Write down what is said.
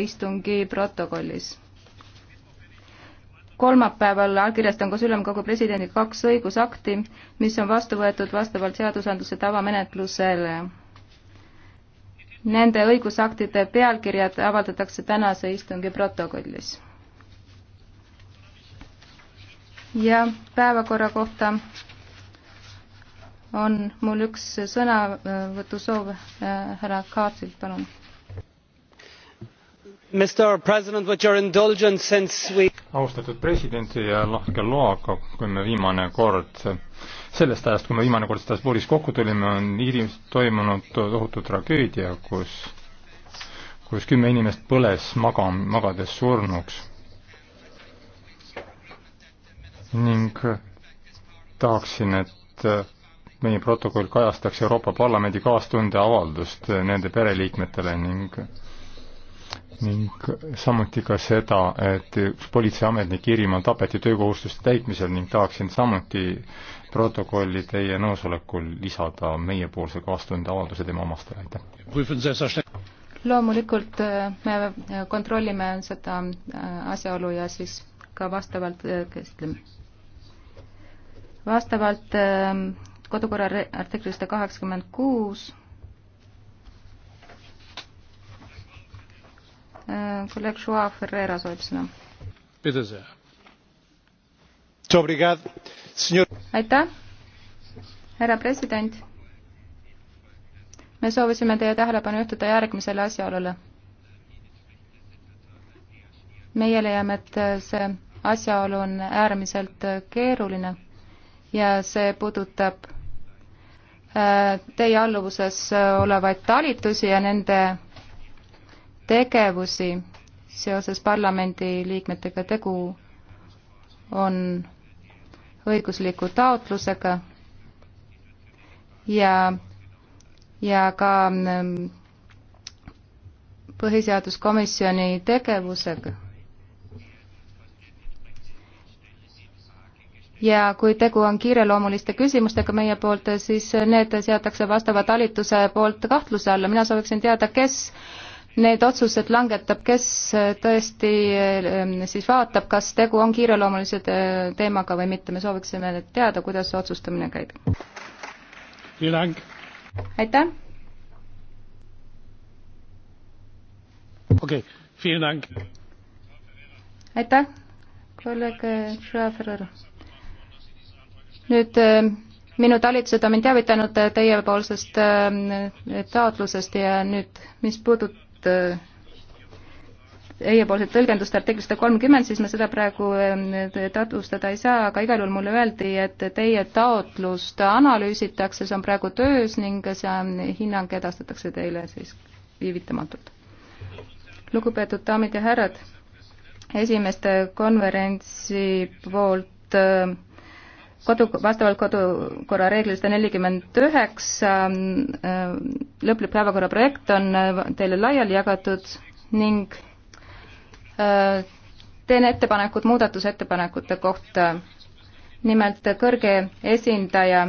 istungi protokollis. kolmapäeval allkirjastan koos ülemkogu presidendiga kaks õigusakti, mis on vastu võetud vastavalt seadusandluse tavamenetlusele. Nende õigusaktide pealkirjad avaldatakse tänase istungi protokollis. ja päevakorra kohta on mul üks sõnavõtusoov äh, härra Kaartilt, palun We... austatud president ja lahke loaga kui me viimane kord sellest ajast kui me viimane kord strasbourgis kokku tulime on iirimaal toimunud tohutu tragöödia kus kus kümme inimest põles maga- magades surnuks ning tahaksin et meie protokoll kajastaks Euroopa Parlamendi kaastundeavaldust nende pereliikmetele ning ning samuti ka seda, et üks politseiametnik Iirimaal tapeti töökohustuste täitmisel ning tahaksin samuti protokolli teie nõusolekul lisada meiepoolse kaastunde avalduse tema omastele, aitäh. loomulikult äh, me äh, kontrollime seda äh, asjaolu ja siis ka vastavalt, ütleme, vastavalt kodukorra artiklist kaheksakümmend kuus kolleeg eh, Joa Ferreira soovib sõna. aitäh, härra president. me soovisime teie tähelepanu juhtida järgmisele asjaolule. meie leiame, et eh, see asjaolu on äärmiselt keeruline eh, ja see puudutab teie alluvuses olevaid talitusi ja nende tegevusi seoses parlamendiliikmetega tegu on õigusliku taotlusega ja, ja ka ähm, põhiseaduskomisjoni tegevusega. ja kui tegu on kiireloomuliste küsimustega meie poolt, siis need seatakse vastava talituse poolt kahtluse alla, mina sooviksin teada, kes äh, need otsused langetab, kes äh, tõesti äh, siis vaatab, kas tegu on kiireloomulise teemaga või mitte, me sooviksime teada, kuidas see otsustamine käib. aitäh! okei okay,, aitäh, kolleeg äh, Schäfer. nüüd minu talitused on mind teavitanud teiepoolsest taotlusest ja nüüd, mis puudutab mingit äh, teiepoolset tõlgendust artiklist sada kolmkümmend, siis me seda praegu ähm, tatustada ei saa, aga igal juhul mulle öeldi, et teie taotlust analüüsitakse, see on praegu töös ning see hinnang edastatakse teile siis viivitamatult. lugupeetud daamid ja härrad, esimeste konverentsi poolt äh, kodu, vastavalt kodukorra reeglile sada nelikümmend üheksa äh, lõplik päevakorra projekt on äh, teile laiali jagatud ning äh, teen ettepanekud muudatusettepanekute kohta. nimelt kõrge esindaja